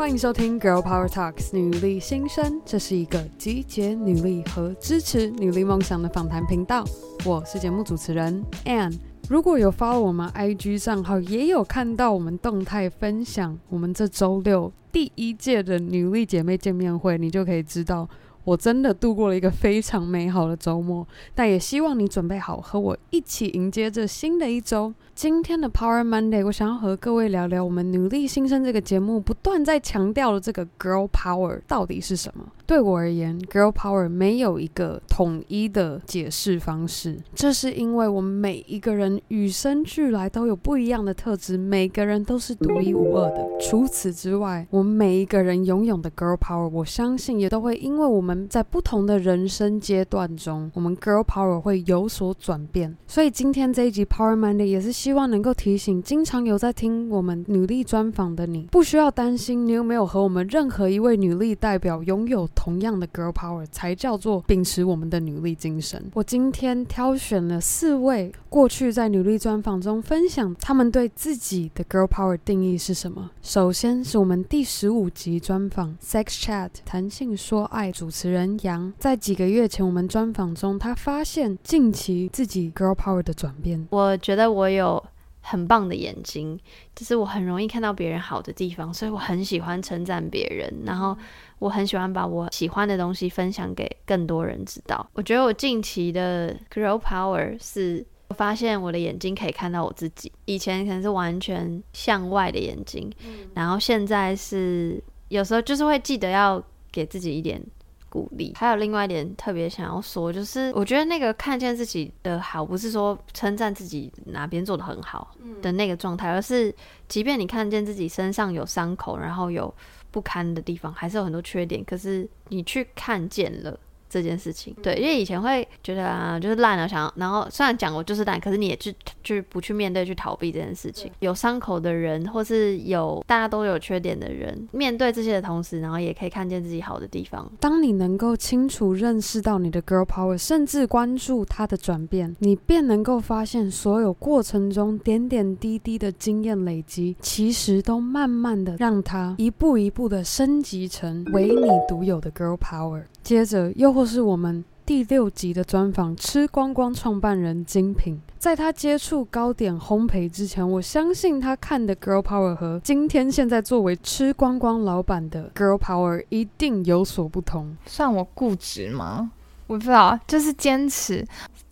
歡迎收聽《Girl Power Talks》女力心聲，這是一個集結女力和支持女力夢想的訪談頻道。我是節目主持人 Anne。如果有 follow 我們 IG 賬號，也有看到我們動態分享，我們這周六第一屆的女力姐妹見面會，你就可以知道。我真的度過了一個非常美好的周末，但也希望你準備好和我一起迎接這新的一周。今天的 Power Monday，我想要和各位聊聊我們女力心聲這個節目不斷在強調的這個 Girl Power 到底是什麼？對我而言，Girl Power 沒有一個統一的解釋方式，這是因為我們每一個人與生俱來都有不一樣的特質，每個人都是獨一無二的。除此之外，我們每一個人擁有的 Girl Power，我相信也都會因為我們。在不同的人生階段中，我們 girl power 會有所轉變。所以今天這一集 Power Monday 也是希望能夠提醒經常有在聽我們女力專訪的你，不需要擔心你有沒有和我們任何一位女力代表擁有同樣的 girl power，才叫做秉持我們的女力精神。我今天挑選了四位過去在女力專訪中分享她們對自己的 girl power 定義是什麼。首先是我們第十五集專訪 Sex Chat 談性說愛主持。主持人楊，在幾個月前我們專訪中，他發現近期自己 girl power 的轉變。我覺得我有很棒的眼睛，就是我很容易看到別人好的地方，所以我很喜歡稱讚別人。然後我很喜歡把我喜歡的東西分享給更多人知道。我覺得我近期的 girl power 是我發現我的眼睛可以看到我自己，以前可能是完全向外的眼睛，然後現在是有時候就是會記得要給自己一點。鼓勵，還有另外一點特別想要說，就是我覺得那個看見自己的好，不是說稱讚自己哪邊做得很好的那個狀態，而是即便你看見自己身上有傷口，然後有不堪的地方，還是有很多缺點，可是你去看見了。這件事情，對，因為以前會覺得啊，就是爛了，想要，然後雖然講我就是爛，可是你也去，就是不去面對，去逃避這件事情。有傷口的人，或是有大家都有缺點的人，面對這些的同時，然後也可以看見自己好的地方。當你能夠清楚認識到你的 girl power，甚至關注它的轉變，你便能夠發現所有過程中點點滴滴的經驗累積，其實都慢慢的讓它一步一步的升級成為你獨有的 girl power。接着，又或是我們第六集的專訪，吃光光創辦人精品，在他接觸糕點烘焙之前，我相信他看的 Girl Power 和今天現在作為吃光光老闆的 Girl Power 一定有所不同。算我固執嗎？我不知道，就是堅持，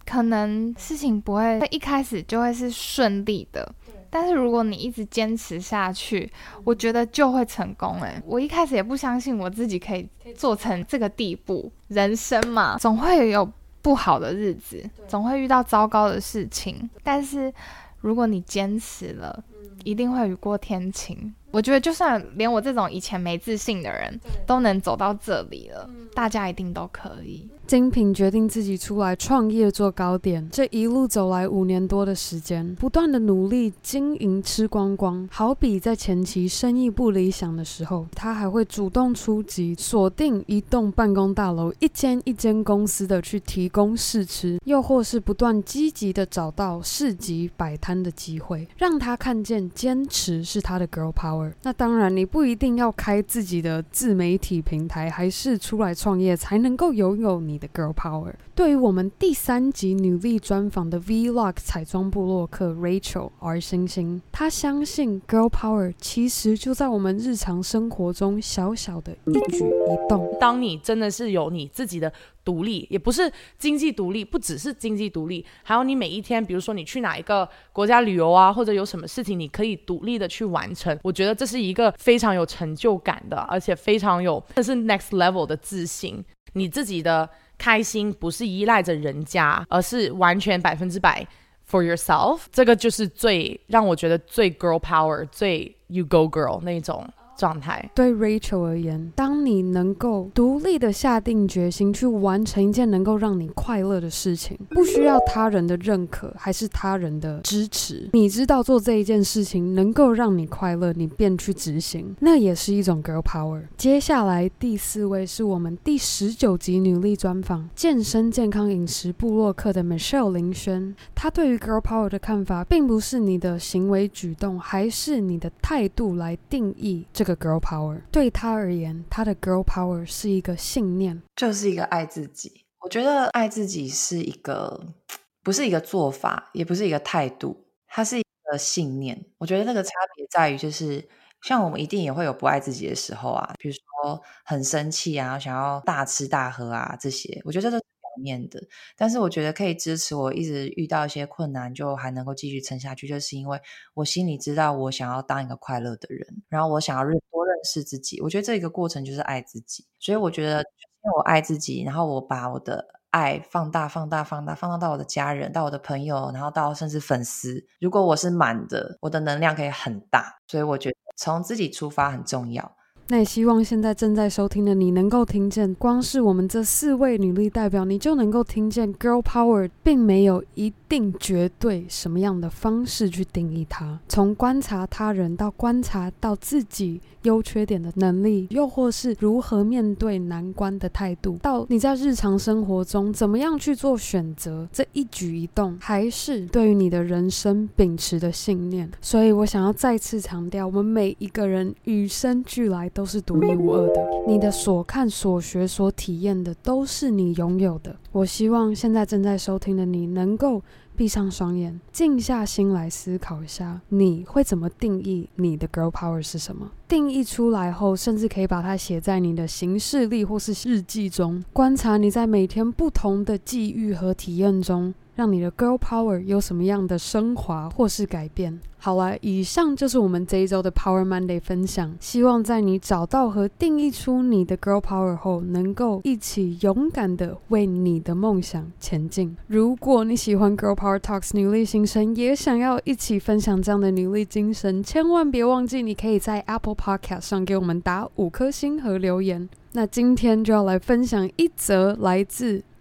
可能事情不會一開始就會是順利的。但是如果你一直堅持下去，嗯、我覺得就會成功。哎，我一開始也不相信我自己可以做成這個地步。人生嘛，總會有不好的日子，總會遇到糟糕的事情。但是如果你堅持了，嗯、一定會雨過天晴。我覺得，就算連我這種以前沒自信的人都能走到這裡了，嗯，大家一定都可以。精品決定自己出來創業做糕點，這一路走來五年多的時間，不斷的努力經營吃光光。好比在前期生意不理想的時候，他還會主動出擊，鎖定一棟辦公大樓，一間一間公司的去提供試吃，又或是不斷積極的找到市集擺攤的機會，讓他看見堅持是他的 Girl Power。那當然，你不一定要開自己的自媒體平台，還是出來創業才能夠擁有你。的 Girl Power。對於我們第三集女力專訪的 Vlog 彩妝部落客 Rachel R 星星，她相信 Girl Power 其實就在我們日常生活中小小的一舉一動。當你真的是有你自己的獨立，也不是經濟獨立，不只是經濟獨立，還有你每一天，比如說你去哪一個國家旅遊啊，或者有什麼事情你可以獨立的去完成，我覺得這是一個非常有成就感的，而且非常有，這是 Next Level 的自信，你自己的。開心不是依賴着人家，而是完全百分之百 for yourself。這個就是最讓我覺得最 girl power、最 you go girl 那一種。狀態。對 Rachel 而言，當你能夠獨立的下定決心去完成一件能夠讓你快樂的事情，不需要他人的認可還是他人的支持，你知道做這一件事情能夠讓你快樂，你便去執行，那也是一種 Girl Power。接下來第四位是我們第十九集女力專訪健身健康飲食部落客的 Michelle 林軒，她對於 Girl Power 的看法，並不是你的行為舉動還是你的態度來定義這個。個 girl power 對他而言，他的 girl power 是一個信念，就是一個愛自己。我覺得愛自己是一個，不是一個做法，也不是一個態度，它是一個信念。我覺得那個差別在於，就是像我們一定也會有不愛自己的時候啊，比如說很生氣啊，想要大吃大喝啊，這些。我覺得這面的，但是我覺得可以支持我一直遇到一些困難，就還能夠繼續撐下去，就是因為我心裡知道我想要當一個快樂的人，然後我想要認多認識自己。我覺得這一個過程就是愛自己，所以我覺得因為我愛自己，然後我把我的愛放大、放大、放大、放大到我的家人、到我的朋友，然後到甚至粉絲。如果我是滿的，我的能量可以很大，所以我覺得從自己出發很重要。那也希望現在正在收聽的你能夠聽見，光是我們這四位女力代表，你就能夠聽見 “Girl Power”，並沒有一定絕對什麼樣的方式去定義它。從觀察他人到觀察到自己優缺點的能力，又或是如何面對難關的態度，到你在日常生活中怎麼樣去做選擇，這一舉一動，還是對於你的人生秉持的信念。所以我想要再次強調，我們每一個人與生俱來。都是獨一無二的。你的所看、所學、所體驗的，都是你擁有的。我希望現在正在收聽的你，能夠閉上雙眼，靜下心來思考一下，你會怎麼定義你的 girl power 是什麼？定義出來後，甚至可以把它寫在你的行事曆或是日記中，觀察你在每天不同的際遇和體驗中。讓你的 girl power 有什麼樣的升華或是改變？好了，以上就是我們這一周的 Power Monday 分享。希望在你找到和定義出你的 girl power 後，能夠一起勇敢的為你的夢想前進。如果你喜歡 Girl Power Talks 女力心聲，也想要一起分享這樣的女力精神，千萬別忘記你可以在 Apple Podcast 上給我們打五顆星和留言。那今天就要來分享一則來自。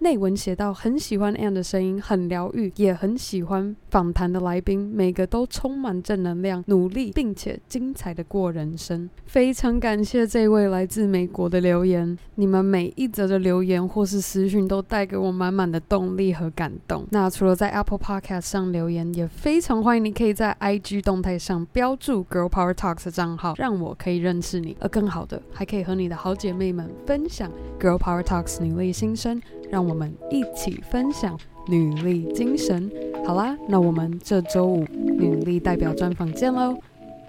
內文寫道，很喜歡 Anne 的聲音，很療癒，也很喜歡訪談的來賓，每個都充滿正能量，努力並且精彩的過人生。非常感謝這位來自美國的留言，你們每一則的留言或是私訊都帶給我滿滿的動力和感動。那除了在 Apple Podcast 上留言，也非常歡迎你可以在 IG 動態上標註 Girl Power Talks 的賬號，讓我可以認識你。而更好的，還可以和你的好姐妹們分享 Girl Power Talks，女力心聲。”讓我們一起分享女力精神。好啦，那我們這周五女力代表專訪見嘍，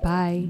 拜。